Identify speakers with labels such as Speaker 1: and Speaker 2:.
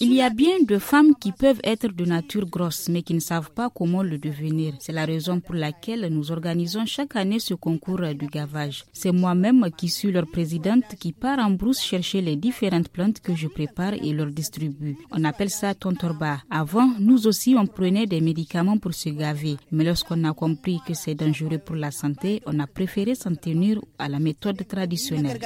Speaker 1: Il y a
Speaker 2: bien de femmes qui peuvent être de nature grosse, mais qui ne savent pas comment le devenir. C'est la raison pour laquelle nous organisons chaque année ce concours du gavage. C'est moi-même qui suis leur présidente qui part en brousse chercher les différentes plantes que je prépare et leur distribue. On appelle ça tontorba. Avant, nous aussi, on prenait des médicaments pour se gaver. Mais lorsqu'on a compris que c'est dangereux pour la santé, on a préféré s'en tenir à la méthode traditionnelle.